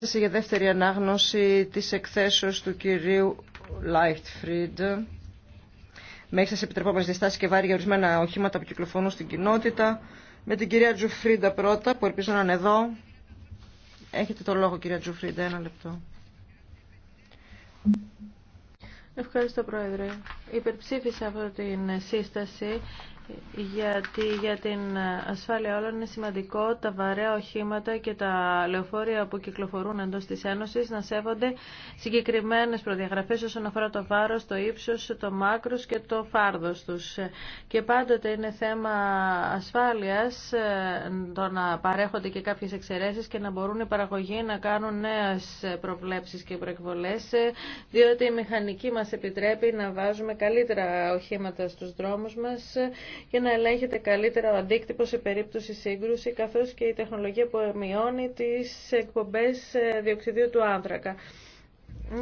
για δεύτερη ανάγνωση της εκθέσεως του κυρίου Λάιχτφριντ με έξαρση επιτρεπόμενες διστάσεις και βάρη για ορισμένα οχήματα που κυκλοφορούν στην κοινότητα με την κυρία Τζουφρίντα πρώτα που ελπίζω να είναι εδώ Έχετε το λόγο κυρία Τζουφρίντα, ένα λεπτό Ευχαριστώ Πρόεδρε. Υπερψήφισα αυτή την σύσταση γιατί για την ασφάλεια όλων είναι σημαντικό τα βαρέα οχήματα και τα λεωφόρια που κυκλοφορούν εντός της Ένωσης να σέβονται συγκεκριμένες προδιαγραφές όσον αφορά το βάρος, το ύψος, το μάκρος και το φάρδος τους. Και πάντοτε είναι θέμα ασφάλειας ε, το να παρέχονται και κάποιες εξαιρέσεις και να μπορούν οι παραγωγοί να κάνουν νέες προβλέψεις και προεκβολές ε, διότι η μηχανική μας επιτρέπει να βάζουμε καλύτερα οχήματα στους δρόμους μας ε, για να ελέγχεται καλύτερα ο αντίκτυπο σε περίπτωση σύγκρουση, καθώ και η τεχνολογία που μειώνει τι εκπομπέ ε, διοξιδίου του άνθρακα.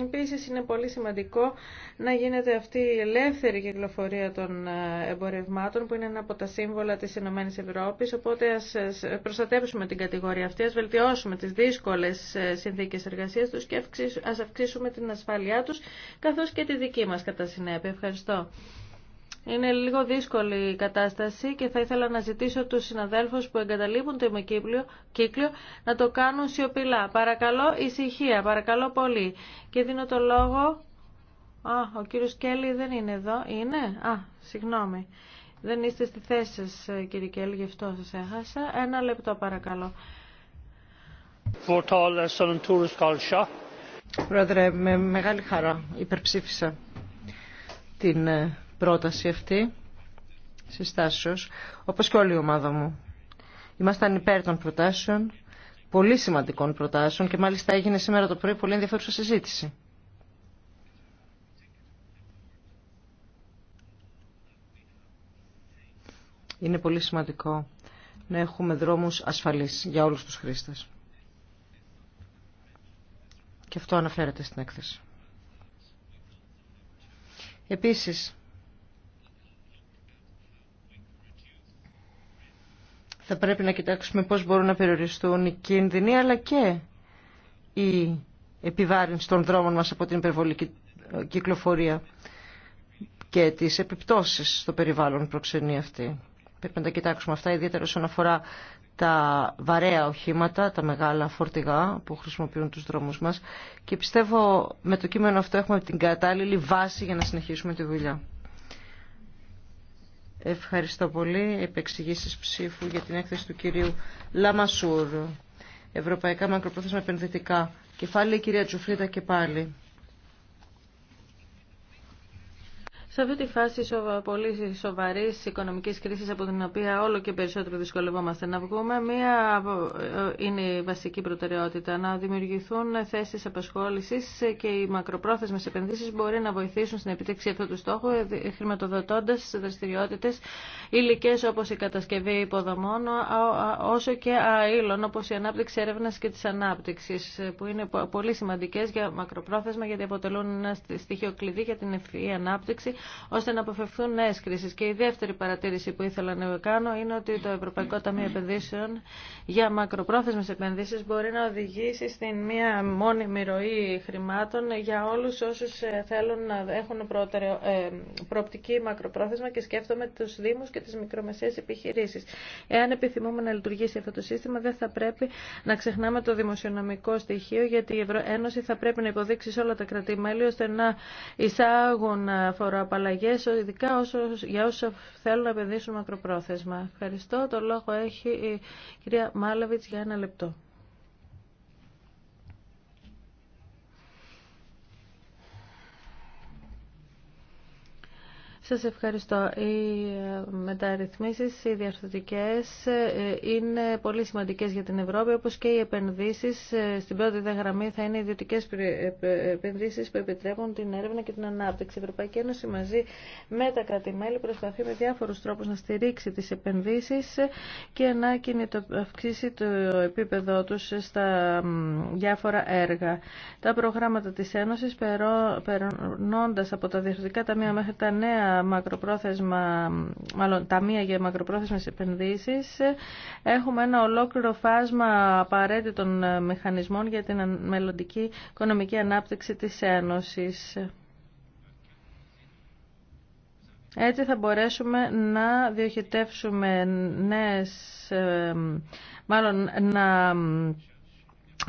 Επίσης είναι πολύ σημαντικό να γίνεται αυτή η ελεύθερη κυκλοφορία των ε, εμπορευμάτων που είναι ένα από τα σύμβολα της ΕΕ. Ευρώπης οπότε ας προστατεύσουμε την κατηγορία αυτή, ας βελτιώσουμε τις δύσκολες ε, συνθήκες εργασίας του και ας αυξήσουμε την ασφάλειά τους καθώς και τη δική μας κατά συνέπεια. Ευχαριστώ. Είναι λίγο δύσκολη η κατάσταση και θα ήθελα να ζητήσω τους συναδέλφους που εγκαταλείπουν το ημικύκλιο κύκλιο, να το κάνουν σιωπηλά. Παρακαλώ ησυχία, παρακαλώ πολύ. Και δίνω το λόγο... Α, ο κύριος Κέλλη δεν είναι εδώ. Είναι? Α, συγγνώμη. Δεν είστε στη θέση σας, κύριε Κέλλη, γι' αυτό σας έχασα. Ένα λεπτό, παρακαλώ. Uh, Πρόεδρε, με μεγάλη χαρά υπερψήφισα την ε, πρόταση αυτή συστάσεως, όπως και όλη η ομάδα μου. Είμασταν υπέρ των προτάσεων, πολύ σημαντικών προτάσεων και μάλιστα έγινε σήμερα το πρωί πολύ ενδιαφέρουσα συζήτηση. Είναι πολύ σημαντικό να έχουμε δρόμους ασφαλείς για όλους τους χρήστες. Και αυτό αναφέρεται στην έκθεση. Επίσης, θα πρέπει να κοιτάξουμε πώς μπορούν να περιοριστούν οι κίνδυνοι αλλά και η επιβάρυνση των δρόμων μας από την υπερβολική ε, κυκλοφορία και τις επιπτώσεις στο περιβάλλον προξενεί αυτή. Πρέπει να τα κοιτάξουμε αυτά, ιδιαίτερα όσον αφορά τα βαρέα οχήματα, τα μεγάλα φορτηγά που χρησιμοποιούν τους δρόμους μας και πιστεύω με το κείμενο αυτό έχουμε την κατάλληλη βάση για να συνεχίσουμε τη δουλειά. Ευχαριστώ πολύ. Επεξηγήσει ψήφου για την έκθεση του κυρίου Λαμασούρ. Ευρωπαϊκά μακροπρόθεσμα επενδυτικά. Κεφάλαιο η κυρία Τζουφρίδα και πάλι. Σε αυτή τη φάση πολύ σοβαρή οικονομική κρίση, από την οποία όλο και περισσότερο δυσκολευόμαστε να βγούμε, μία ε, είναι η βασική προτεραιότητα. Να δημιουργηθούν θέσει απασχόληση και οι μακροπρόθεσμε επενδύσει μπορεί να βοηθήσουν στην επιτύξη αυτού του στόχου, ε, χρηματοδοτώντα δραστηριότητε υλικέ όπω η κατασκευή υποδομών, όσο και αήλων όπω η ανάπτυξη έρευνα και τη ανάπτυξη, που είναι πολύ σημαντικέ για μακροπρόθεσμα γιατί αποτελούν ένα στοιχείο κλειδί για την ευφυή ανάπτυξη ώστε να αποφευθούν νέε κρίσει. Και η δεύτερη παρατήρηση που ήθελα να κάνω είναι ότι το Ευρωπαϊκό Ταμείο Επενδύσεων για μακροπρόθεσμε επενδύσει μπορεί να οδηγήσει στην μία μόνιμη ροή χρημάτων για όλου όσου ε, θέλουν να έχουν προτεραι... Ε, προοπτική μακροπρόθεσμα και σκέφτομαι του Δήμου και τι μικρομεσαίε επιχειρήσει. Εάν επιθυμούμε να λειτουργήσει αυτό το σύστημα, δεν θα πρέπει να ξεχνάμε το δημοσιονομικό στοιχείο, γιατί η Ένωση θα πρέπει να υποδείξει σε όλα τα μέλη ώστε να εισάγουν ε, φοροαπαλλαγή απαλλαγέ, ειδικά όσο, για όσου θέλουν να επενδύσουν μακροπρόθεσμα. Ευχαριστώ. Το λόγο έχει η κυρία Μάλαβιτ για ένα λεπτό. Σας ευχαριστώ. Οι ε, μεταρρυθμίσεις, οι διαρθρωτικές ε, είναι πολύ σημαντικές για την Ευρώπη, όπως και οι επενδύσεις. Ε, στην πρώτη γραμμή θα είναι ιδιωτικές επενδύσεις που επιτρέπουν την έρευνα και την ανάπτυξη. Η Ευρωπαϊκή Ένωση μαζί με τα κράτη-μέλη προσπαθεί με διάφορους τρόπους να στηρίξει τις επενδύσεις και να αυξήσει το επίπεδό τους στα διάφορα έργα. Τα προγράμματα της Ένωσης, περνώντα από τα διαρθρωτικά ταμεία μέχρι τα νέα μακροπρόθεσμα, μάλλον ταμεία για μακροπρόθεσμες επενδύσεις, έχουμε ένα ολόκληρο φάσμα απαραίτητων μηχανισμών για την μελλοντική οικονομική ανάπτυξη της Ένωσης. Έτσι θα μπορέσουμε να διοχετεύσουμε νέες, ε, μάλλον να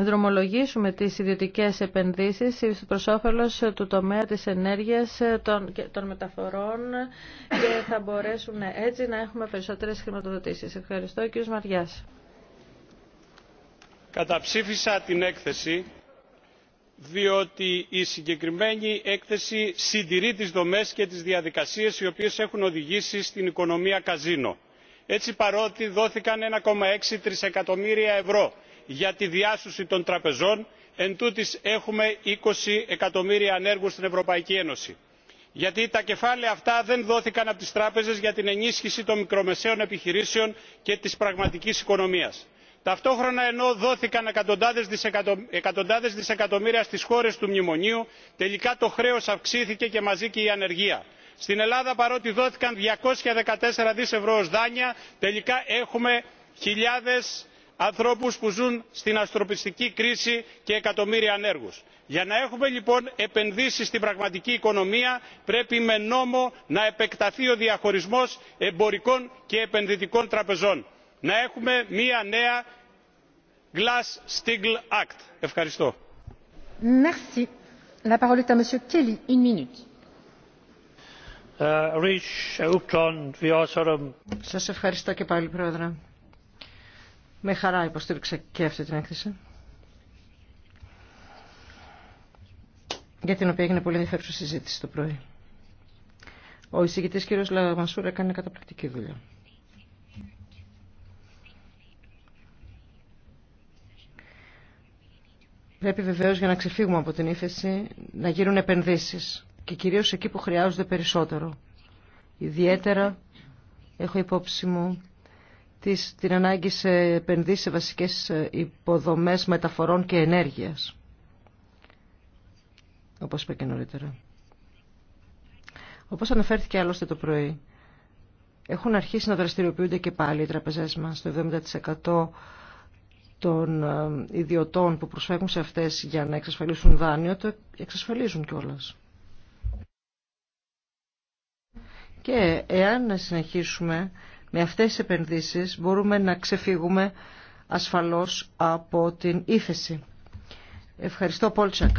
δρομολογήσουμε τις ιδιωτικές επενδύσεις προς όφελος του τομέα της ενέργειας των, των μεταφορών και θα μπορέσουμε έτσι να έχουμε περισσότερες χρηματοδοτήσεις. Ευχαριστώ κύριος Μαριάς. Καταψήφισα την έκθεση διότι η συγκεκριμένη έκθεση συντηρεί τις δομές και τις διαδικασίες οι οποίες έχουν οδηγήσει στην οικονομία καζίνο. Έτσι παρότι δόθηκαν 1,6 τρισεκατομμύρια ευρώ για τη διάσωση των τραπεζών εντούτοις έχουμε είκοσι εκατομμύρια ανέργους στην ευρωπαϊκή ένωση γιατί τα κεφάλαια αυτά δεν δόθηκαν από τις τράπεζες για την ενίσχυση των μικρομεσαίων επιχειρήσεων και της πραγματικής οικονομίας. ταυτόχρονα ενώ δόθηκαν εκατοντάδες δισεκατομμύρια στις χώρες του μνημονίου τελικά το χρέος αυξήθηκε και μαζί και η ανεργία. στην ελλάδα παρότι δόθηκαν 214 δις ευρώ ως δάνεια τελικά έχουμε χιλιάδες ανθρώπους που ζουν στην ανθρωπιστική κρίση και εκατομμύρια ανέργους. για να έχουμε λοιπόν επενδύσεις στην πραγματική οικονομία πρέπει με νόμο να επεκταθεί ο διαχωρισμός εμπορικών και επενδυτικών τραπεζών να έχουμε μια νέα glass steagall act. ευχαριστώ. Ε, Σας ευχαριστώ και πάλι, Πρόεδρε. Με χαρά υποστήριξα και αυτή την έκθεση. Για την οποία έγινε πολύ ενδιαφέρουσα συζήτηση το πρωί. Ο εισηγητής κύριος Λαμασούρ έκανε καταπληκτική δουλειά. Πρέπει βεβαίω για να ξεφύγουμε από την ύφεση να γίνουν επενδύσει και κυρίω εκεί που χρειάζονται περισσότερο. Ιδιαίτερα έχω υπόψη μου την ανάγκη σε σε βασικές ε, υποδομές μεταφορών και ενέργειας. Όπως είπα και νωρίτερα. Όπως αναφέρθηκε άλλωστε το πρωί, έχουν αρχίσει να δραστηριοποιούνται και πάλι οι τραπεζές μας το 70% των ε, ιδιωτών που προσφέρουν σε αυτές για να εξασφαλίσουν δάνειο, το εξασφαλίζουν κιόλας. Και εάν συνεχίσουμε με αυτές τις επενδύσεις μπορούμε να ξεφύγουμε ασφαλώς από την ύφεση. Ευχαριστώ Πόλτσακ.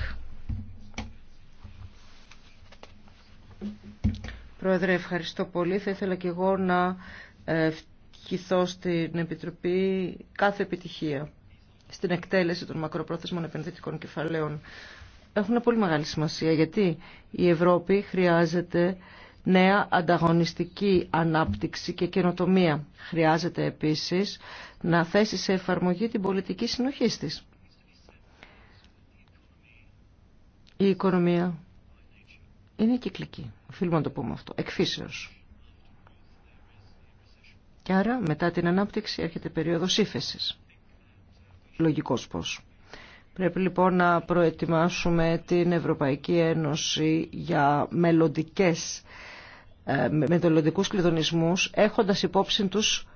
Πρόεδρε, ευχαριστώ πολύ. Θα ήθελα και εγώ να ε, ευχηθώ στην Επιτροπή κάθε επιτυχία στην εκτέλεση των μακροπρόθεσμων επενδυτικών κεφαλαίων. Έχουν πολύ μεγάλη σημασία γιατί η Ευρώπη χρειάζεται νέα ανταγωνιστική ανάπτυξη και καινοτομία. Χρειάζεται επίσης να θέσει σε εφαρμογή την πολιτική συνοχή της. Η οικονομία είναι κυκλική. Οφείλουμε να το πούμε αυτό. Εκφύσεως. Και άρα μετά την ανάπτυξη έρχεται περίοδος ύφεσης. Λογικός πώς. Πρέπει λοιπόν να προετοιμάσουμε την Ευρωπαϊκή Ένωση για μελλοντικές ε, με μεθοδολογικούς κλειδονισμούς έχοντας υπόψη τους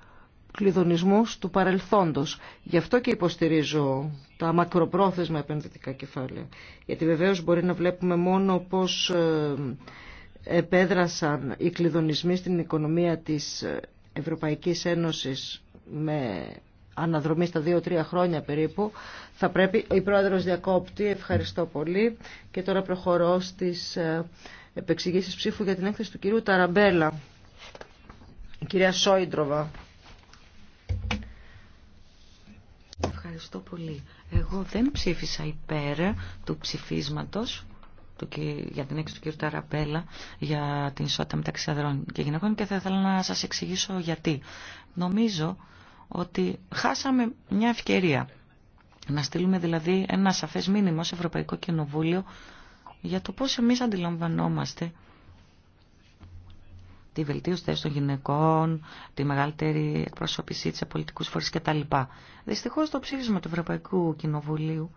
κλειδονισμούς του παρελθόντος. Γι' αυτό και υποστηρίζω τα μακροπρόθεσμα επενδυτικά κεφάλαια. Γιατί βεβαίως μπορεί να βλέπουμε μόνο πώς ε, επέδρασαν οι κλειδονισμοί στην οικονομία της Ευρωπαϊκής Ένωσης με αναδρομή στα δύο-τρία χρόνια περίπου. Θα πρέπει, η πρόεδρος διακόπτη, ευχαριστώ πολύ και τώρα προχωρώ στις ε, επεξηγήσεις ψήφου για την έκθεση του κυρίου Ταραμπέλα. Η κυρία Σόιντροβα. Ευχαριστώ πολύ. Εγώ δεν ψήφισα υπέρ του ψηφίσματος για την έκθεση του κυρίου Ταραμπέλα για την ισότητα μεταξύ αδρών και γυναικών και θα ήθελα να σας εξηγήσω γιατί. Νομίζω ότι χάσαμε μια ευκαιρία να στείλουμε δηλαδή ένα σαφές μήνυμα σε Ευρωπαϊκό Κοινοβούλιο για το πώς εμείς αντιλαμβανόμαστε τη βελτίωση θέση των γυναικών, τη μεγαλύτερη εκπροσώπησή της σε πολιτικούς φορείς κτλ. Δυστυχώς το ψήφισμα του Ευρωπαϊκού Κοινοβουλίου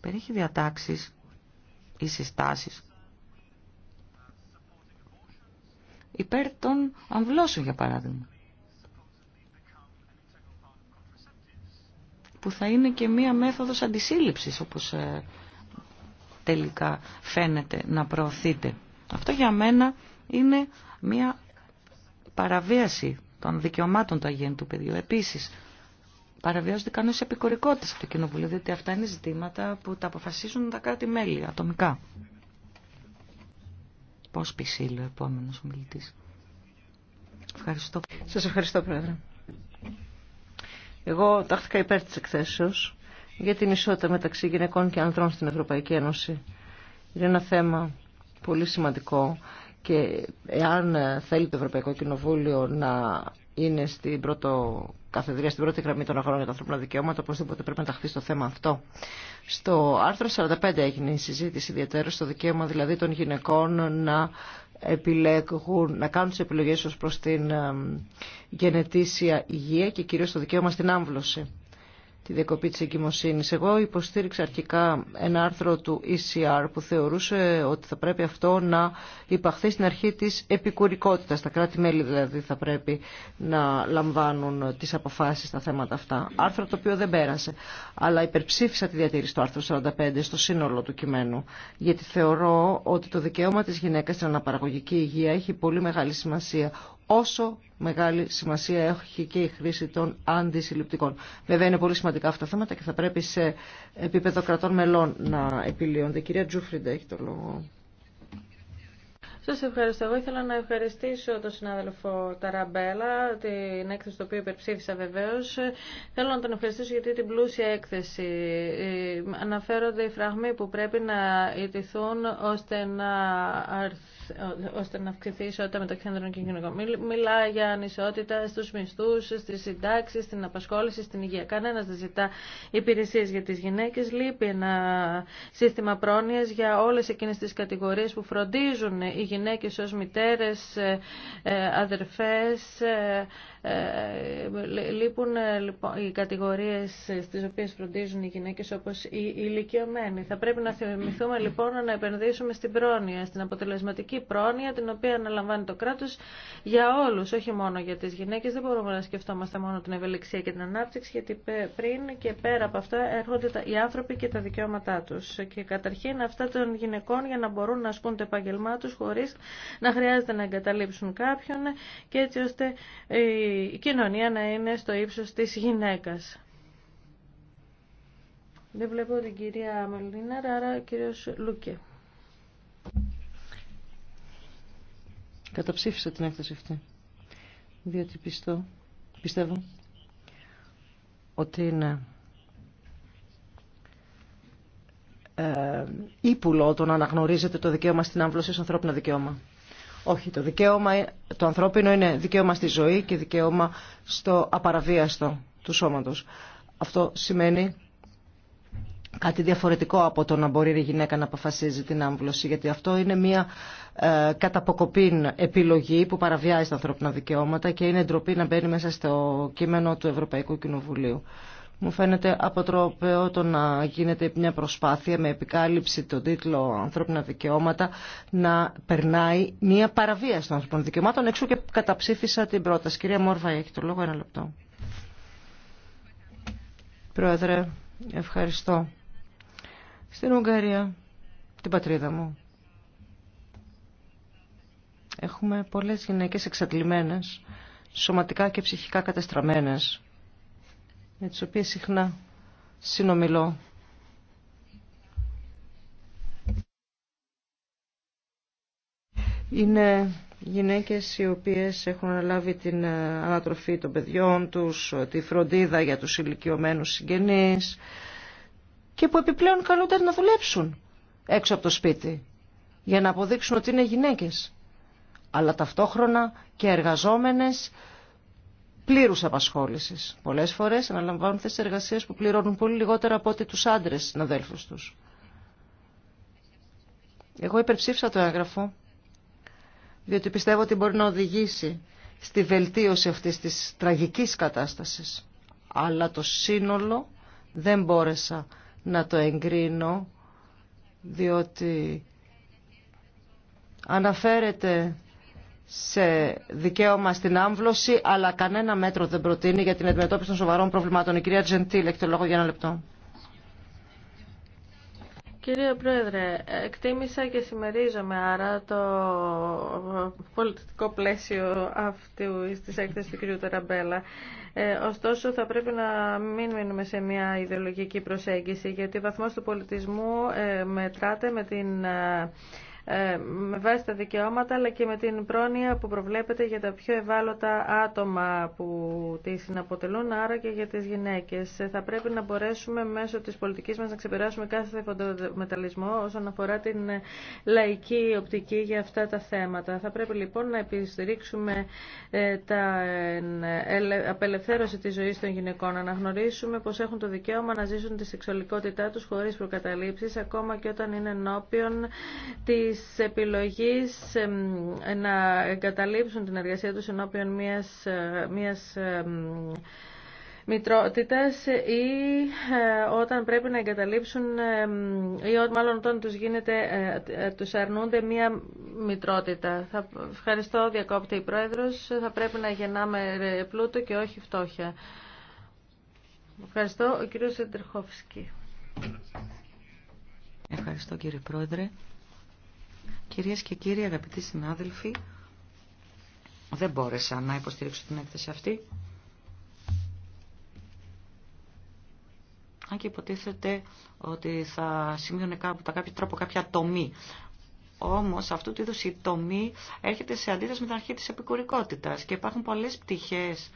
περιέχει διατάξεις ή συστάσεις υπέρ των αμβλώσεων για παράδειγμα. Που θα είναι και μία μέθοδος αντισύλληψης όπως ε, τελικά φαίνεται να προωθείται. Αυτό για μένα είναι μια παραβίαση των δικαιωμάτων του αγέντου παιδιού. Επίσης, παραβιάζονται κανένα επικορικότητας από το Κοινοβούλιο, διότι αυτά είναι ζητήματα που τα αποφασίζουν τα κράτη-μέλη ατομικά. Πώ πει ο επόμενο ομιλητή. Ευχαριστώ. Σα ευχαριστώ, Πρόεδρε. Εγώ τάχθηκα υπέρ τη εκθέσεως για την ισότητα μεταξύ γυναικών και ανδρών στην Ευρωπαϊκή Ένωση. Είναι ένα θέμα πολύ σημαντικό και εάν θέλει το Ευρωπαϊκό Κοινοβούλιο να είναι στην πρώτο καθεδρία, στην πρώτη γραμμή των αγώνων για τα ανθρώπινα δικαιώματα, οπωσδήποτε πρέπει να ταχθεί στο θέμα αυτό. Στο άρθρο 45 έγινε η συζήτηση ιδιαίτερα στο δικαίωμα δηλαδή των γυναικών να επιλέγουν, να κάνουν τι επιλογές ω προς την γενετήσια υγεία και κυρίως το δικαίωμα στην άμβλωση τη διακοπή της εγκυμοσύνης. Εγώ υποστήριξα αρχικά ένα άρθρο του ECR που θεωρούσε ότι θα πρέπει αυτό να υπαχθεί στην αρχή της επικουρικότητας. Τα κράτη-μέλη δηλαδή θα πρέπει να λαμβάνουν τις αποφάσεις στα θέματα αυτά. Άρθρο το οποίο δεν πέρασε. Αλλά υπερψήφισα τη διατήρηση του άρθρου 45 στο σύνολο του κειμένου. Γιατί θεωρώ ότι το δικαίωμα της γυναίκας στην αναπαραγωγική υγεία έχει πολύ μεγάλη σημασία όσο μεγάλη σημασία έχει και η χρήση των αντισυλληπτικών. Βέβαια είναι πολύ σημαντικά αυτά τα θέματα και θα πρέπει σε επίπεδο κρατών μελών να επιλύονται. Κυρία Τζούφριντα έχει το λόγο. Σας ευχαριστώ. Εγώ ήθελα να ευχαριστήσω τον συνάδελφο Ταραμπέλα, την έκθεση το οποίο υπερψήφισα βεβαίω. Θέλω να τον ευχαριστήσω γιατί την πλούσια έκθεση ε, αναφέρονται οι φραγμοί που πρέπει να ιτηθούν ώστε να αρθούν ώστε να αυξηθεί η ισότητα μεταξύ ανδρών και γυναικών. Μιλά για ανισότητα στου μισθού, στι συντάξει, στην απασχόληση, στην υγεία. Κανένα δεν ζητά υπηρεσίες για τι γυναίκε, Λείπει ένα σύστημα πρόνοια για όλε εκείνες τις κατηγορίες που φροντίζουν οι γυναίκε ω μητέρε, ε, αδερφέ. Ε, ε, λείπουν λοιπόν, οι κατηγορίε στι οποίε φροντίζουν οι γυναίκε, όπω οι ηλικιωμένοι. Θα πρέπει να θυμηθούμε λοιπόν να επενδύσουμε στην πρόνοια, στην αποτελεσματική πρόνοια την οποία αναλαμβάνει το κράτος για όλους, όχι μόνο για τις γυναίκες. Δεν μπορούμε να σκεφτόμαστε μόνο την ευελιξία και την ανάπτυξη, γιατί πριν και πέρα από αυτά έρχονται οι άνθρωποι και τα δικαιώματά τους. Και καταρχήν αυτά των γυναικών για να μπορούν να ασκούν το επαγγελμά του χωρίς να χρειάζεται να εγκαταλείψουν κάποιον και έτσι ώστε η κοινωνία να είναι στο ύψο τη γυναίκα. Δεν βλέπω την κυρία Μελίνα, άρα κύριος Λούκε. Καταψήφισα την έκθεση αυτή. Διότι πιστώ, πιστεύω ότι είναι ε, ύπουλο το να αναγνωρίζεται το δικαίωμα στην άμβλωση ως ανθρώπινο δικαίωμα. Όχι, το δικαίωμα, το ανθρώπινο είναι δικαίωμα στη ζωή και δικαίωμα στο απαραβίαστο του σώματος. Αυτό σημαίνει κάτι διαφορετικό από το να μπορεί η γυναίκα να αποφασίζει την άμβλωση, γιατί αυτό είναι μια ε, καταποκοπήν επιλογή που παραβιάζει τα ανθρώπινα δικαιώματα και είναι ντροπή να μπαίνει μέσα στο κείμενο του Ευρωπαϊκού Κοινοβουλίου. Μου φαίνεται αποτροπαίο το να γίνεται μια προσπάθεια με επικάλυψη τον τίτλο «Ανθρώπινα δικαιώματα» να περνάει μια παραβίαση των ανθρώπινων δικαιωμάτων. Εξού και καταψήφισα την πρόταση. Κυρία Μόρβα, έχει το λόγο ένα λεπτό. Πρόεδρε, ευχαριστώ στην Ουγγαρία, την πατρίδα μου. Έχουμε πολλές γυναίκες εξατλημένες, σωματικά και ψυχικά κατεστραμμένες, με τις οποίες συχνά συνομιλώ. Είναι γυναίκες οι οποίες έχουν αναλάβει την ε, ανατροφή των παιδιών τους, ε, τη φροντίδα για τους ηλικιωμένους συγγενείς, και που επιπλέον καλούνται να δουλέψουν έξω από το σπίτι για να αποδείξουν ότι είναι γυναίκες αλλά ταυτόχρονα και εργαζόμενες πλήρους απασχόλησης. Πολλές φορές αναλαμβάνουν θέσει εργασίες που πληρώνουν πολύ λιγότερα από ό,τι τους άντρες συναδέλφου του. Εγώ υπερψήφισα το έγγραφο, διότι πιστεύω ότι μπορεί να οδηγήσει στη βελτίωση αυτή τη τραγική κατάσταση. Αλλά το σύνολο δεν μπόρεσα να το εγκρίνω διότι αναφέρεται σε δικαίωμα στην άμβλωση αλλά κανένα μέτρο δεν προτείνει για την αντιμετώπιση των σοβαρών προβλημάτων. Η κυρία Τζεντήλ έχει το λόγο για ένα λεπτό. Κύριε Πρόεδρε, εκτίμησα και συμμερίζομαι άρα το πολιτικό πλαίσιο αυτού της έκθεσης του κ. Ταραμπέλα. Ε, ωστόσο, θα πρέπει να μην μείνουμε σε μια ιδεολογική προσέγγιση, γιατί ο βαθμός του πολιτισμού ε, μετράται με την ε, ε, με βάση τα δικαιώματα αλλά και με την πρόνοια που προβλέπεται για τα πιο ευάλωτα άτομα που τη συναποτελούν, άρα και για τις γυναίκες. Ε, θα πρέπει να μπορέσουμε μέσω της πολιτικής μας να ξεπεράσουμε κάθε φοντομεταλλισμό όσον αφορά την ε, λαϊκή οπτική για αυτά τα θέματα. Θα πρέπει λοιπόν να επιστηρίξουμε τα απελευθέρωση της ζωής των γυναικών, να αναγνωρίσουμε πως έχουν το δικαίωμα να ζήσουν τη σεξουαλικότητά τους χωρίς προκαταλήψεις, ακόμα και όταν είναι ενώπιον της της επιλογής να εγκαταλείψουν την εργασία τους ενώπιον μιας, ε, μιας μητρότητας ή ε, όταν πρέπει να εγκαταλείψουν ή μάλλον όταν τους, γίνεται, ε, τους αρνούνται μία μητρότητα. Θα, ευχαριστώ διακόπτη η Πρόεδρος. Θα πρέπει να γεννάμε θα ευχαριστω διακοπτε η προεδρος θα πρεπει να γενναμε πλουτο και όχι φτώχεια. Ευχαριστώ ο κύριος Σεντερχόφσκι. Ευχαριστώ κύριε Πρόεδρε. Κυρίες και κύριοι, αγαπητοί συνάδελφοι, δεν μπόρεσα να υποστηρίξω την έκθεση αυτή. Αν και υποτίθεται ότι θα σημείωνε κάπου, κάποιο τρόπο κάποια τομή. Όμως αυτού του είδους η τομή έρχεται σε αντίθεση με την αρχή της επικουρικότητας και υπάρχουν πολλές πτυχές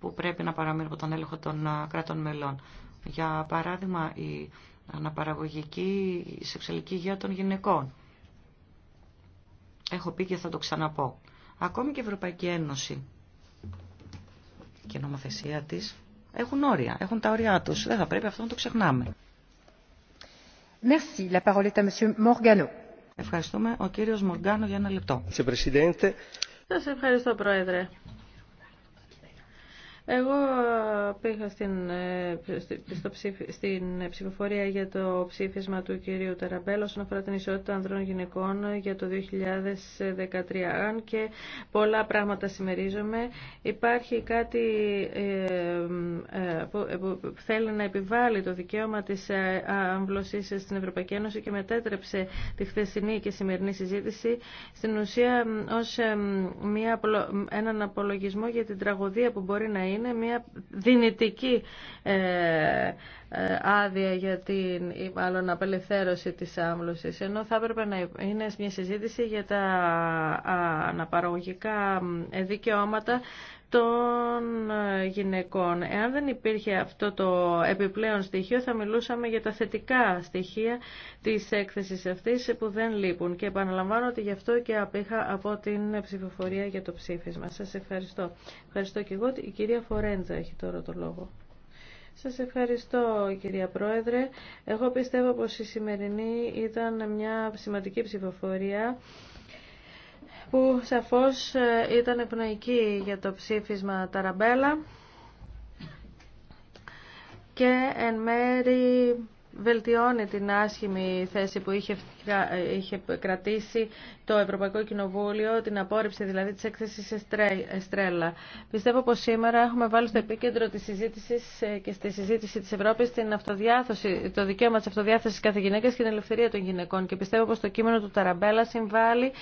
που πρέπει να παραμείνουν από τον έλεγχο των κράτων μελών. Για παράδειγμα, η αναπαραγωγική η σεξουαλική υγεία των γυναικών Έχω πει και θα το ξαναπώ. Ακόμη και η Ευρωπαϊκή Ένωση και η νομοθεσία της έχουν όρια, έχουν τα όρια τους. Δεν θα πρέπει αυτό να το ξεχνάμε. Merci. La parole est à Monsieur Morgano. Ευχαριστούμε. Ο κύριος Μοργκάνο για ένα λεπτό. Σας ευχαριστώ, Πρόεδρε. Εγώ ε, πήγα στην, ε, στο ψηφι, στην ε, ψηφοφορία για το ψήφισμα του κυρίου Ταραμπέλ όσον αφορά την ισότητα ανδρών γυναικών για το 2013. Αν και πολλά πράγματα συμμερίζομαι, υπάρχει κάτι που, θέλει να επιβάλλει το δικαίωμα της αμβλωσής στην Ευρωπαϊκή Ένωση και μετέτρεψε τη χθεσινή και σημερινή συζήτηση στην ουσία ως μια, έναν απολογισμό για την τραγωδία που μπορεί να είναι είναι μια δυνητική ε, ε, άδεια για την μάλλον απελευθέρωση της άμβλωσης ενώ θα έπρεπε να είναι μια συζήτηση για τα αναπαραγωγικά δικαιώματα των ε, γυναικών. Εάν δεν υπήρχε αυτό το επιπλέον στοιχείο θα μιλούσαμε για τα θετικά στοιχεία της έκθεσης αυτής που δεν λείπουν και επαναλαμβάνω ότι γι' αυτό και απήχα από την ψηφοφορία για το ψήφισμα. Σας ευχαριστώ. Ευχαριστώ και εγώ. Η κυρία Φορέντζα έχει τώρα το λόγο. Σας ευχαριστώ κυρία Πρόεδρε. Εγώ πιστεύω πως η σημερινή ήταν μια σημαντική ψηφοφορία που σαφώς ε, ήταν ευνοϊκή για το ψήφισμα Ταραμπέλα και εν μέρη βελτιώνει την άσχημη θέση που είχε, είχε κρατήσει το Ευρωπαϊκό Κοινοβούλιο, την απόρριψη δηλαδή της έκθεσης Εστρέλα. Πιστεύω πως σήμερα έχουμε βάλει στο επίκεντρο της συζήτησης ε, και στη συζήτηση της Ευρώπης την αυτοδιάθεση, το δικαίωμα της αυτοδιάθεσης κάθε γυναίκας και την ελευθερία των γυναικών και πιστεύω πως το κείμενο του Ταραμπέλα συμβάλλει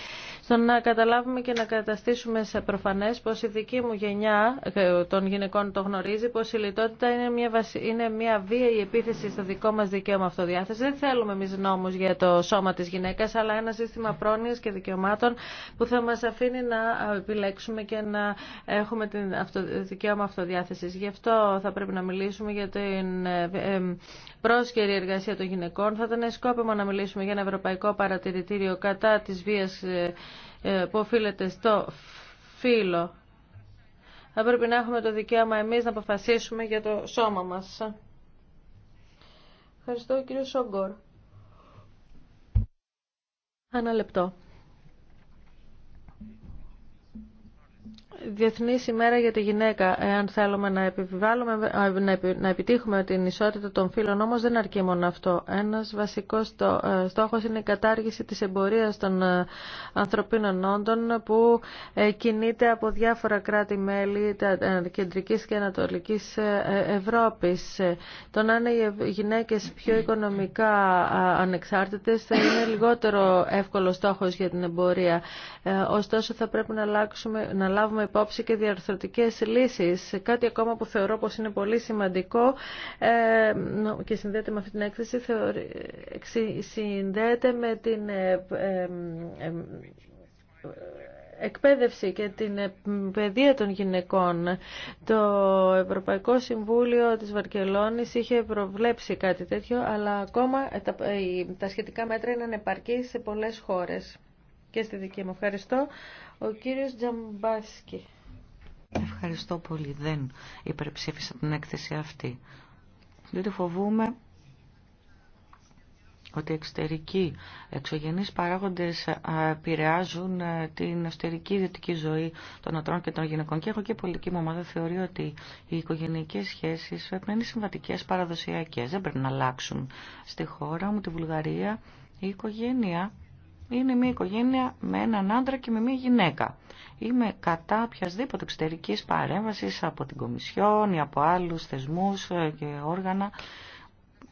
στο να καταλάβουμε και να καταστήσουμε σε προφανές πως η δική μου γενιά ε, των γυναικών το γνωρίζει, πως η λιτότητα είναι μια, βασι... είναι μια η επίθεση στο δικό μας δικαίωμα δικαίωμα αυτοδιάθεση. Δεν θέλουμε εμεί νόμου για το σώμα τη γυναίκα, αλλά ένα σύστημα πρόνοια και δικαιωμάτων που θα μα αφήνει να επιλέξουμε και να έχουμε την αυτο... δικαίωμα αυτοδιάθεση. Γι' αυτό θα πρέπει να μιλήσουμε για την ε, ε, πρόσκαιρη εργασία των γυναικών. Θα ήταν σκόπιμο να μιλήσουμε για ένα ευρωπαϊκό παρατηρητήριο κατά τη βία ε, που οφείλεται στο φύλλο. Θα πρέπει να έχουμε το δικαίωμα εμείς να αποφασίσουμε για το σώμα μας. Ευχαριστώ κύριο Σόγκορ. Ένα λεπτό. Διεθνή ημέρα για τη γυναίκα. Εάν θέλουμε να, επιβάλλουμε, να επιτύχουμε την ισότητα των φύλων, όμω δεν αρκεί μόνο αυτό. Ένα βασικό ε, στόχο είναι η κατάργηση τη εμπορία των ε, ανθρωπίνων όντων που ε, κινείται από διάφορα κράτη-μέλη κεντρική και ανατολική Ευρώπη. Το να είναι οι γυναίκε πιο οικονομικά ανεξάρτητε θα είναι λιγότερο εύκολο στόχο για την εμπορία. Ωστόσο, θα πρέπει να, αλλάξουμε, να λάβουμε υπόψη υπόψη και διαρθρωτικές λύσεις. Κάτι ακόμα που θεωρώ πως είναι πολύ σημαντικό ε, και συνδέεται με αυτή την έκθεση, συνδέεται με την ε, εκπαίδευση και την ε, παιδεία των γυναικών. Το Ευρωπαϊκό Συμβούλιο της Βαρκελόνης είχε προβλέψει κάτι τέτοιο, αλλά ακόμα τα, σχετικά μέτρα είναι ανεπαρκή σε πολλές χώρες και στη δική μου. Ευχαριστώ. Ο κύριος Τζαμπάσκι. Ευχαριστώ πολύ. Δεν υπερψήφισα την έκθεση αυτή. Διότι φοβούμαι ότι εξωτερικοί εξωγενείς παράγοντες επηρεάζουν ε, την εσωτερική ιδιωτική ζωή των ατρών και των γυναικών. Και έχω και πολιτική μου ομάδα θεωρεί ότι οι οικογενειακές σχέσεις πρέπει να είναι συμβατικές παραδοσιακές. Δεν πρέπει να αλλάξουν στη χώρα μου, τη Βουλγαρία. Η οικογένεια είναι μια οικογένεια με έναν άντρα και με μια γυναίκα. Είμαι κατά οποιασδήποτε εξωτερική παρέμβαση από την Κομισιόν ή από άλλου θεσμού ε, και όργανα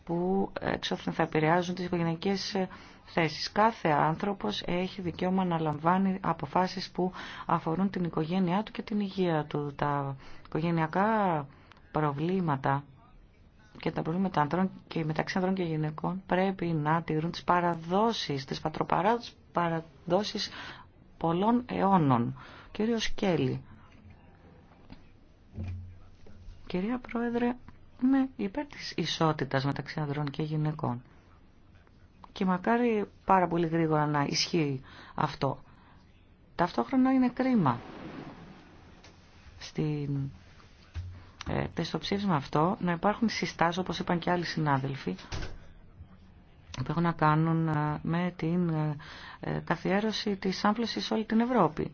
που εξώθεν θα επηρεάζουν τι οικογενειακέ ε, θέσει. Κάθε άνθρωπο έχει δικαίωμα να λαμβάνει αποφάσει που αφορούν την οικογένειά του και την υγεία του. Τα οικογενειακά προβλήματα και τα προβλήματα ανδρών και μεταξύ ανδρών και γυναικών πρέπει να τηρούν τις παραδόσεις, τις παραδόσεις πολλών αιώνων. Κύριο Σκέλη. Κυρία Πρόεδρε, με υπέρ της ισότητας μεταξύ ανδρών και γυναικών. Και μακάρι πάρα πολύ γρήγορα να ισχύει αυτό. Ταυτόχρονα είναι κρίμα στην ε, στο ψήφισμα αυτό να υπάρχουν συστάσεις, όπως είπαν και άλλοι συνάδελφοι, που έχουν να κάνουν ε, με την ε, καθιέρωση της άμπλωσης σε όλη την Ευρώπη.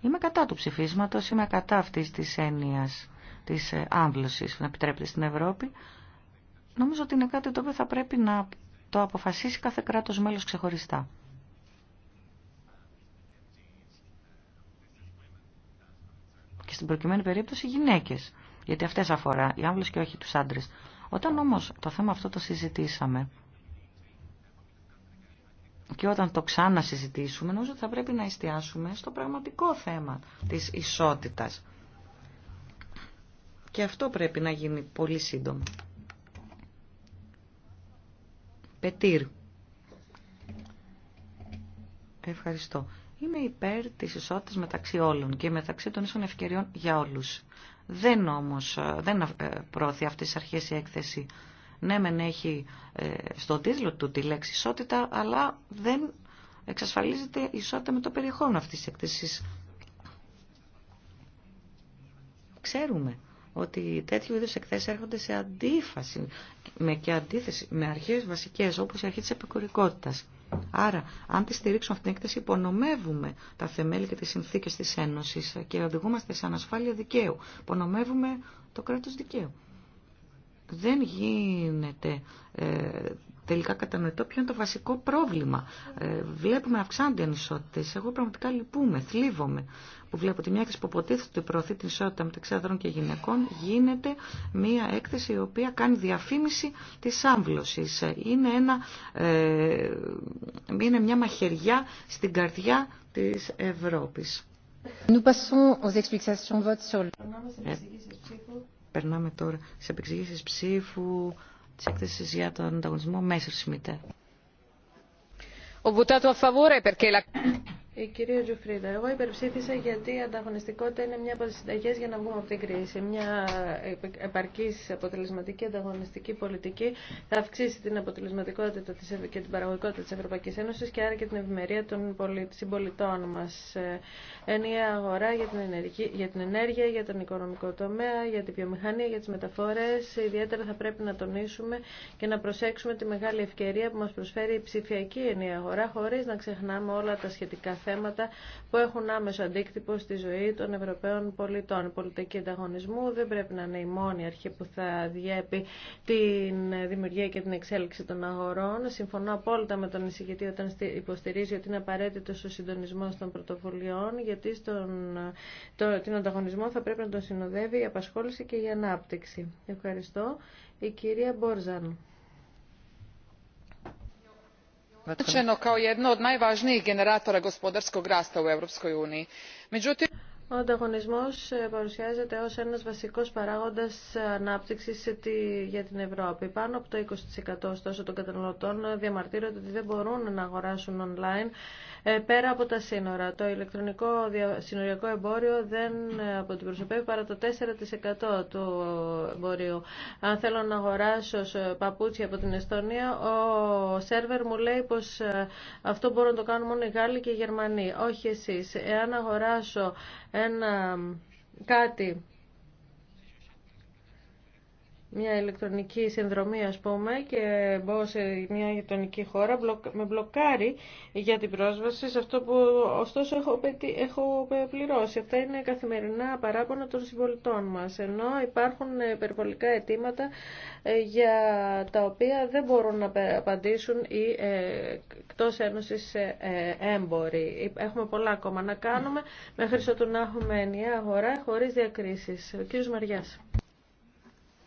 Είμαι κατά του ψηφίσματος, είμαι κατά αυτής της έννοιας της άμβλωσης που να επιτρέπεται στην Ευρώπη. Νομίζω ότι είναι κάτι το οποίο θα πρέπει να το αποφασίσει κάθε κράτος μέλος ξεχωριστά. Και στην προκειμένη περίπτωση γυναίκες γιατί αυτές αφορά οι άμβλες και όχι τους άντρες. Όταν όμως το θέμα αυτό το συζητήσαμε και όταν το ξανασυζητήσουμε, νομίζω ότι θα πρέπει να εστιάσουμε στο πραγματικό θέμα της ισότητας. Και αυτό πρέπει να γίνει πολύ σύντομα. Πετήρ. Ευχαριστώ. Είμαι υπέρ της ισότητας μεταξύ όλων και μεταξύ των ίσων ευκαιριών για όλους. Δεν όμως, ε, δεν ε, προωθεί αυτής της αρχής η έκθεση. Ναι, μεν έχει ε, στον τίτλο του τη λέξη ισότητα, αλλά δεν εξασφαλίζεται ισότητα με το περιεχόμενο αυτής της έκθεσης. Ξέρουμε ότι τέτοιου είδους εκθέσεις έρχονται σε αντίφαση με, και αντίθεση με αρχές βασικές όπως η αρχή της επικουρικότητας. Άρα, αν τη στηρίξουμε αυτήν την έκθεση, υπονομεύουμε τα θεμέλια και τι συνθήκε τη Ένωση και οδηγούμαστε σε ανασφάλεια δικαίου. Υπονομεύουμε το κράτο δικαίου. Δεν γίνεται ε, τελικά κατανοητό ποιο είναι το βασικό πρόβλημα. Ε, βλέπουμε αυξάνονται ανισότητε. Εγώ πραγματικά λυπούμαι, θλίβομαι που βλέπω ότι μια έκθεση που αποτίθεται ότι προωθεί την ισότητα μεταξύ ανδρών και γυναικών γίνεται μια έκθεση η οποία κάνει διαφήμιση της άμβλωσης. Είναι, ε, είναι μια μαχαιριά στην καρδιά της Ευρώπης. Ε, περνάμε τώρα στι επεξηγήσεις ψήφου της έκθεσης για τον ανταγωνισμό μέσα Σμιτέ. Ho votato a favore perché la η κυρία Τζουφρίδα, εγώ υπερψήφισα γιατί η ανταγωνιστικότητα είναι μια από τι συνταγέ για να βγούμε από την κρίση. Μια επαρκή αποτελεσματική ανταγωνιστική πολιτική θα αυξήσει την αποτελεσματικότητα και την παραγωγικότητα τη Ευρωπαϊκή Ένωση και άρα και την ευημερία των συμπολιτών μα. Ε, ενιαία αγορά για την, ενέργεια, για την ενέργεια, για τον οικονομικό τομέα, για την βιομηχανία, για τι μεταφορέ. Ιδιαίτερα θα πρέπει να τονίσουμε και να προσέξουμε τη μεγάλη ευκαιρία που μα προσφέρει η ψηφιακή ενιαία αγορά χωρί να ξεχνάμε όλα τα σχετικά θέματα που έχουν άμεσο αντίκτυπο στη ζωή των Ευρωπαίων πολιτών. Η πολιτική ανταγωνισμού δεν πρέπει να είναι η μόνη αρχή που θα διέπει την δημιουργία και την εξέλιξη των αγορών. Συμφωνώ απόλυτα με τον εισηγητή όταν υποστηρίζει ότι είναι απαραίτητο ο συντονισμό των πρωτοβουλειών, γιατί στον, την ανταγωνισμό θα πρέπει να τον συνοδεύει η απασχόληση και η ανάπτυξη. Ευχαριστώ. Η κυρία Μπόρζαν kao jedno od najvanijih generatora gospodarskog rasta u europskoj uniji. Ο ανταγωνισμός ε, παρουσιάζεται ως ένας βασικός παράγοντας ανάπτυξης ε, για την Ευρώπη. Πάνω από το 20% ωστόσο των καταναλωτών διαμαρτύρονται ότι δεν μπορούν να αγοράσουν online ε, πέρα από τα σύνορα. Το ηλεκτρονικό συνοριακό εμπόριο δεν αποτυπροσωπεύει παρά το 4% του εμπορίου. Αν θέλω να αγοράσω παπούτσια από την Εστονία, ο σερβερ μου λέει πως αυτό μπορούν να το κάνουν μόνο οι Γάλλοι και οι Γερμανοί. Όχι εσείς. Εάν αγοράσω ένα κάτι μια ηλεκτρονική συνδρομή ας πούμε και μπω σε μια γειτονική χώρα με μπλοκάρει για την πρόσβαση σε αυτό που ωστόσο έχω, έχω πληρώσει. Αυτά είναι καθημερινά παράπονα των συμπολιτών μας ενώ υπάρχουν περιπολικά αιτήματα ε, για τα οποία δεν μπορούν να απαντήσουν οι ε, εκτός ένωσης ε, έμποροι. Έχουμε πολλά ακόμα να κάνουμε μέχρι ότου να έχουμε ενιαία αγορά χωρίς διακρίσεις. Ο κύριος Μαριάς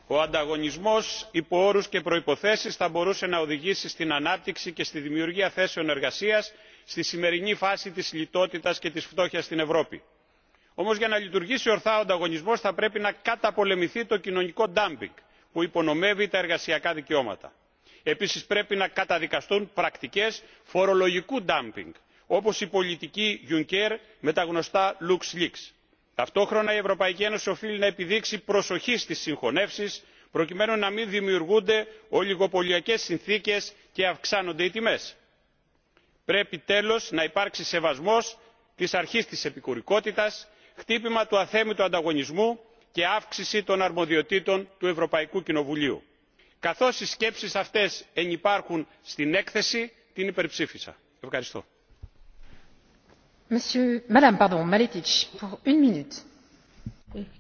ο ανταγωνισμός υπό όρους και προϋποθέσεις θα μπορούσε να οδηγήσει στην ανάπτυξη και στη δημιουργία θέσεων εργασίας στη σημερινή φάση της λιτότητας και της φτώχειας στην ευρώπη. όμως για να λειτουργήσει ορθά ο ανταγωνισμός θα πρέπει να καταπολεμηθεί το κοινωνικό ντάμπινγκ που υπονομεύει τα εργασιακά δικαιώματα. επίσης πρέπει να καταδικαστούν πρακτικές φορολογικού ντάμπινγκ όπως η πολιτική juncker με τα γνωστά luxleaks ταυτόχρονα η ευρωπαϊκή ένωση οφείλει να επιδείξει προσοχή στις συγχωνεύσεις προκειμένου να μην δημιουργούνται ολιγοπωλιακές συνθήκες και αυξάνονται οι τιμές. πρέπει τέλος να υπάρξει σεβασμός της αρχής της επικουρικότητας χτύπημα του αθέμητου ανταγωνισμού και αύξηση των αρμοδιοτήτων του ευρωπαϊκού κοινοβουλίου. καθώς οι σκέψεις αυτές ενυπάρχουν στην έκθεση την υπερψήφισα. ευχαριστώ. Ε,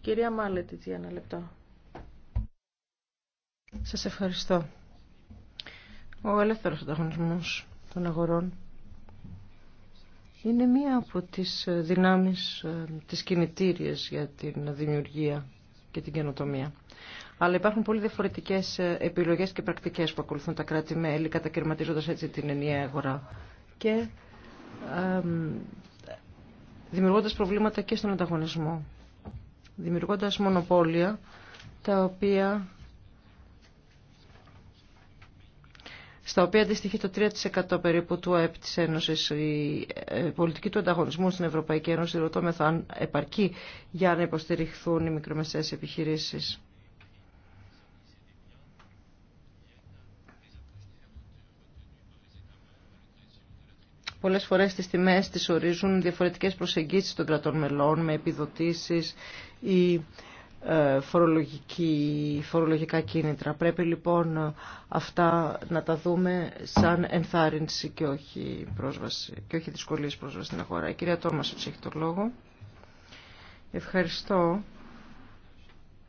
για ένα λεπτό. ευχαριστώ. Ο ελεύθερος ανταγωνισμός των αγορών είναι μία από τις δυνάμεις ε, της κινητήριας για την δημιουργία και την καινοτομία. Αλλά υπάρχουν πολύ διαφορετικές ε, επιλογές και πρακτικές που ακολουθούν τα κράτη-μέλη, κατακαιρματίζοντας έτσι την ενιαία αγορά. Και δημιουργώντας προβλήματα και στον ανταγωνισμό, δημιουργώντας μονοπόλια τα οποία, στα οποία αντιστοιχεί το 3% περίπου του ΑΕΠ της Ένωσης. Η ε, πολιτική του ανταγωνισμού στην Ευρωπαϊκή Ένωση ρωτώ αν επαρκεί για να υποστηριχθούν οι μικρομεσαίες επιχειρήσεις. Πολλές φορές τις τιμές τις ορίζουν διαφορετικές προσεγγίσεις των κρατών μελών με επιδοτήσεις ή ε, φορολογική, φορολογικά κίνητρα. Πρέπει λοιπόν αυτά να τα δούμε σαν ενθάρρυνση και όχι, πρόσβαση, και όχι δυσκολίες πρόσβαση στην αγορά. Η κυρία έτσι έχει το λόγο. Ευχαριστώ.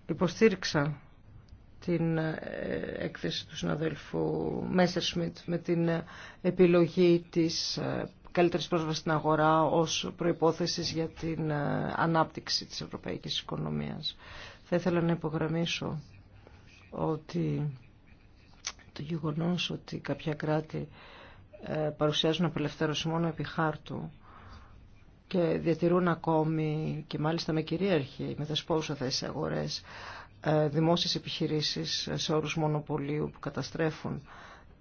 Υποστήριξα την ε, έκθεση του συναδέλφου Μέσσερ με την ε, επιλογή της ε, καλύτερης πρόσβασης στην αγορά ως προϋπόθεσης για την ανάπτυξη της ευρωπαϊκής οικονομίας. Θα ήθελα να υπογραμμίσω ότι το γεγονός ότι κάποια κράτη παρουσιάζουν απελευθέρωση μόνο επί χάρτου και διατηρούν ακόμη και μάλιστα με κυρίαρχη, με δεσπόουσα αγορές, ε, δημόσιες επιχειρήσεις ε, σε όρους μονοπωλίου που καταστρέφουν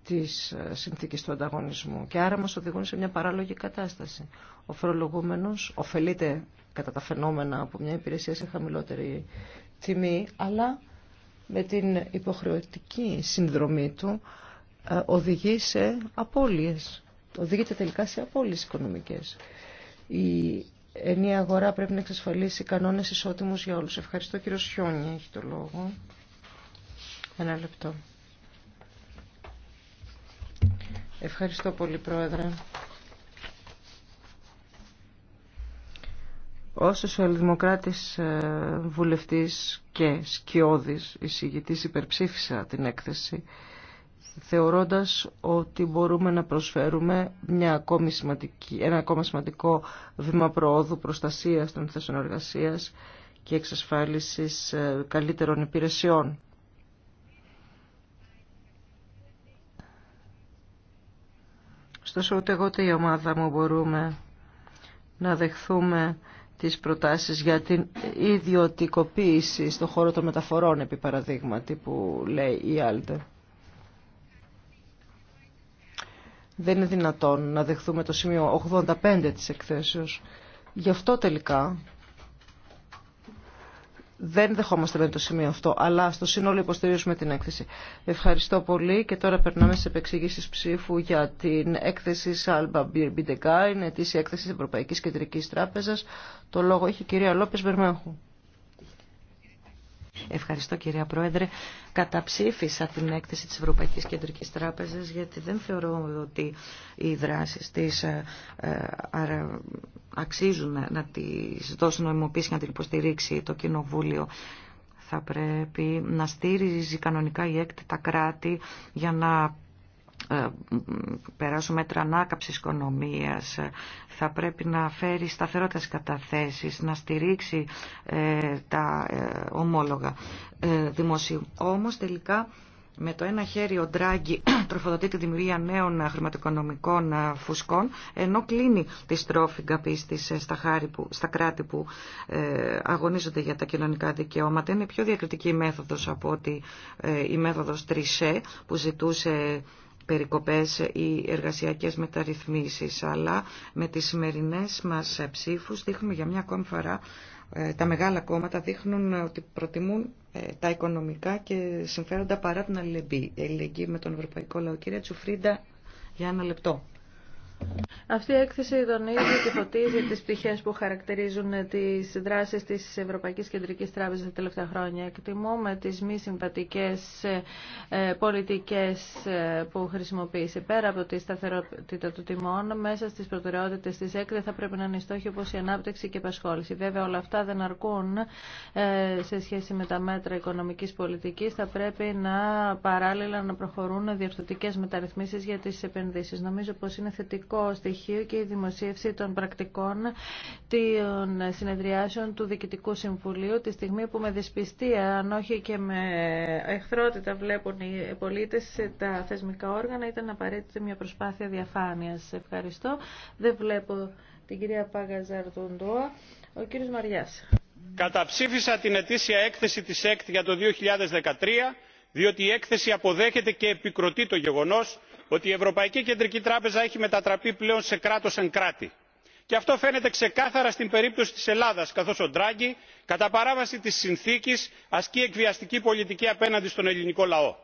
τις ε, συνθήκες του ανταγωνισμού και άρα μας οδηγούν σε μια παράλογη κατάσταση. Ο φορολογούμενος ωφελείται κατά τα φαινόμενα από μια υπηρεσία σε χαμηλότερη τιμή, αλλά με την υποχρεωτική συνδρομή του οδηγεί σε απώλειες. Οδηγείται τελικά σε απώλειες οικονομικές ενία αγορά πρέπει να εξασφαλίσει κανόνες ισότιμους για όλους. Ευχαριστώ κύριο Σιόνι, έχει το λόγο. Ένα λεπτό. Ευχαριστώ πολύ Πρόεδρε. Ως σοσιαλδημοκράτης ε, βουλευτής και σκιώδης εισηγητής υπερψήφισα την έκθεση θεωρώντας ότι μπορούμε να προσφέρουμε μια ακόμη ένα ακόμα σημαντικό βήμα προόδου προστασίας των θέσεων εργασία και εξασφάλισης ε, καλύτερων υπηρεσιών. Ωστόσο ούτε εγώ ούτε η ομάδα μου μπορούμε να δεχθούμε τις προτάσεις για την ιδιωτικοποίηση στον χώρο των μεταφορών επί παραδείγματι που λέει η Άλτερ. Δεν είναι δυνατόν να δεχθούμε το σημείο 85 της εκθέσεως. Γι' αυτό τελικά δεν δεχόμαστε με το σημείο αυτό, αλλά στο σύνολο υποστηρίζουμε την έκθεση. Ευχαριστώ πολύ και τώρα περνάμε σε επεξηγήσει ψήφου για την έκθεση Σάλμπα Μπιντεγκάιν, ετήσια έκθεση Ευρωπαϊκής Κεντρικής Τράπεζας. Το λόγο έχει η κυρία Λόπε Μπερμέχου. Ευχαριστώ κυρία Πρόεδρε. Καταψήφισα την έκθεση της Ευρωπαϊκής Κεντρικής Τράπεζας γιατί δεν θεωρώ ότι οι δράσεις της ε, ε, αξίζουν να τις δώσουν νομιμοποίηση και να την υποστηρίξει το Κοινοβούλιο θα πρέπει να στήριζει κανονικά η έκτητα τα κράτη για να ε, περάσουμε μέτρα ανάκαψη οικονομίας, ε, θα πρέπει να φέρει σταθερότητα στις καταθέσεις, να στηρίξει ε, τα ομόλογα δημοσίου. Όμως τελικά με το ένα χέρι ο Ντράγκη τροφοδοτεί τη δημιουργία νέων χρηματοοικονομικών φουσκών, ενώ κλείνει τη στρόφιγγα πίστη στα, που, στα κράτη που αγωνίζονται για τα κοινωνικά δικαιώματα. Είναι πιο διακριτική η μέθοδος από ότι η μέθοδος Τρισέ που ζητούσε περικοπές ή εργασιακές μεταρρυθμίσεις, αλλά με τις σημερινές μας ψήφους δείχνουμε για μια ακόμη φορά ε, τα μεγάλα κόμματα δείχνουν ότι προτιμούν ε, τα οικονομικά και συμφέροντα παρά την αλληλεγγύη με τον Ευρωπαϊκό Λαό. Κυρία Τσουφρίντα, για ένα λεπτό. Αυτή η έκθεση τονίζει και φωτίζει τις πτυχές που χαρακτηρίζουν τις δράσεις της Ευρωπαϊκής Κεντρικής Τράπεζας τα τελευταία χρόνια. Εκτιμούμε τις μη συμβατικές ε, ε, πολιτικές ε, που χρησιμοποίησε. Πέρα από τη σταθερότητα του τιμών, μέσα στις προτεραιότητες της έκθεσης θα πρέπει να είναι στόχοι όπως η ανάπτυξη και η επασχόληση. Βέβαια όλα αυτά δεν αρκούν σε σχέση με τα μέτρα οικονομικής πολιτικής. Θα πρέπει να παράλληλα να προχωρούν διορθωτικές μεταρρυθμίσεις για τις επενδύσεις. Νομίζω πως είναι θετικό σημαντικό στοιχείο και η δημοσίευση των πρακτικών των συνεδριάσεων του Διοικητικού Συμβουλίου τη στιγμή που με δυσπιστία, αν όχι και με εχθρότητα βλέπουν οι πολίτες τα θεσμικά όργανα ήταν απαραίτητη μια προσπάθεια διαφάνειας. Ευχαριστώ. Δεν βλέπω την κυρία Πάγκα Ο κύριος Μαριάς. Καταψήφισα την ετήσια έκθεση της ΕΚΤ για το 2013 διότι η έκθεση αποδέχεται και επικροτεί το γεγονός ότι η ευρωπαϊκή κεντρική τράπεζα έχει μετατραπεί πλέον σε κράτος εν κράτη και αυτό φαίνεται ξεκάθαρα στην περίπτωση της ελλάδας καθώς ο ντράγκη κατά παράβαση της συνθήκης ασκεί εκβιαστική πολιτική απέναντι στον ελληνικό λαό.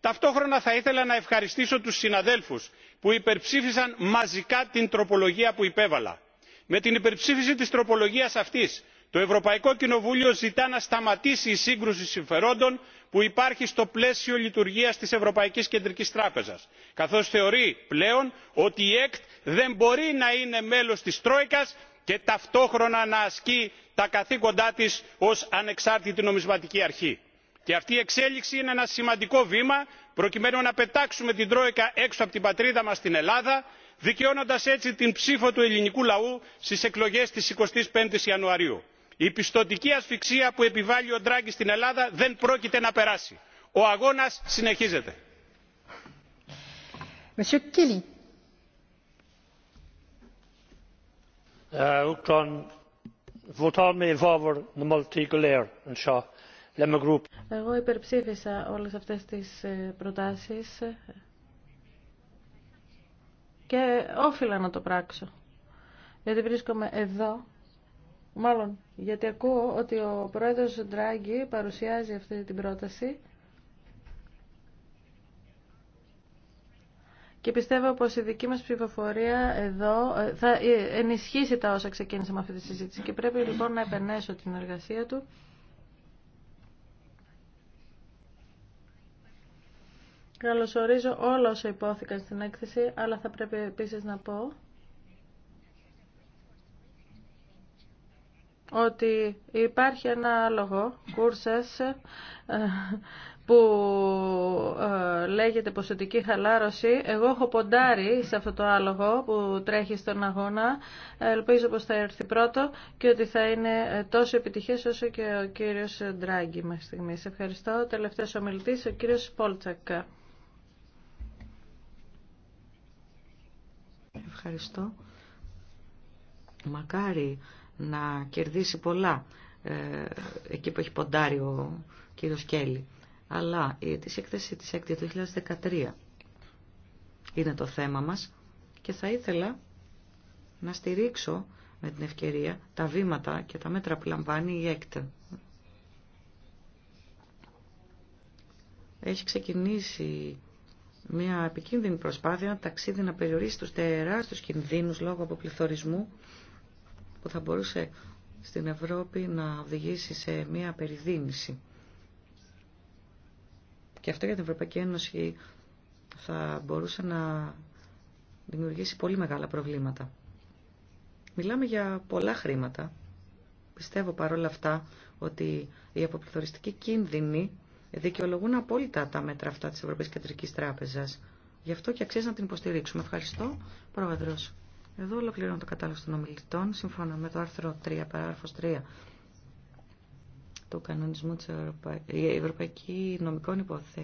ταυτόχρονα θα ήθελα να ευχαριστήσω τους συναδέλφους που υπερψήφισαν μαζικά την τροπολογία που υπέβαλα. με την υπερψήφιση της τροπολογίας αυτής το ευρωπαϊκό κοινοβούλιο ζητά να σταματήσει η σύγκρουση συμφερόντων που υπάρχει στο πλαίσιο λειτουργίας της ευρωπαϊκής κεντρικής τράπεζας καθώς θεωρεί πλέον ότι η ect δεν μπορεί να είναι μέλος της τρόικας και ταυτόχρονα να ασκεί τα καθήκοντά της ως ανεξάρτητη νομισματική αρχή. και αυτή η εξέλιξη είναι ένα σημαντικό βήμα προκειμένου να πετάξουμε την τρόικα έξω από την πατρίδα μας στην ελλάδα δικαιώνοντας έτσι την ψήφο του ελληνικού λαού στις εκλογές της 25ης Ιανουαρίου η πιστωτική ασφιξία που επιβάλλει ο ντράγκη στην ελλάδα δεν πρόκειται να περάσει. ο αγώνας συνεχίζεται. Uh, εγώ υπερψήφισα όλες αυτές τις ε, προτάσεις και όφιλα να το πράξω γιατί βρίσκομαι εδώ Μάλλον, γιατί ακούω ότι ο πρόεδρος Ντράγκη παρουσιάζει αυτή την πρόταση και πιστεύω πως η δική μας ψηφοφορία εδώ ε, θα ε, ενισχύσει τα όσα με αυτή τη συζήτηση και πρέπει λοιπόν να επενέσω την εργασία του. Καλωσορίζω όλα όσα υπόθηκαν στην έκθεση, αλλά θα πρέπει επίσης να πω ότι υπάρχει ένα άλογο, κούρσες, ε, που ε, λέγεται ποσοτική χαλάρωση. Εγώ έχω ποντάρει σε αυτό το άλογο που τρέχει στον αγώνα. Ελπίζω πως θα έρθει πρώτο και ότι θα είναι ε, τόσο επιτυχές όσο και ο κύριος Ντράγκη μέχρι ευχαριστώ. Τελευταίος ομιλητής, ο κύριος Πόλτσακ. Ευχαριστώ. Μακάρι να κερδίσει πολλά ε, εκεί που έχει ποντάρει ο κύριος Κέλλη. Αλλά η της έκθεση της του 2013 είναι το θέμα μας και θα ήθελα να στηρίξω με την ευκαιρία τα βήματα και τα μέτρα που λαμβάνει η έκτη. Έχει ξεκινήσει μια επικίνδυνη προσπάθεια ταξίδι να περιορίσει τους τεράστιους κινδύνους λόγω αποπληθωρισμού που θα μπορούσε στην Ευρώπη να οδηγήσει σε μια περιδίνηση. Και αυτό για την Ευρωπαϊκή Ένωση θα μπορούσε να δημιουργήσει πολύ μεγάλα προβλήματα. Μιλάμε για πολλά χρήματα. Πιστεύω παρόλα αυτά ότι οι αποπληθωριστικοί κίνδυνοι δικαιολογούν απόλυτα τα μέτρα αυτά της Ευρωπαϊκής Κεντρικής Τράπεζας. Γι' αυτό και αξίζει να την υποστηρίξουμε. Ευχαριστώ, Πρόεδρος. Εδώ ολοκληρώνω το κατάλογο των ομιλητών, σύμφωνα με το άρθρο 3, παράγραφος 3 του κανονισμού της Ευρωπαϊκής Νομικών Υποθέσεων.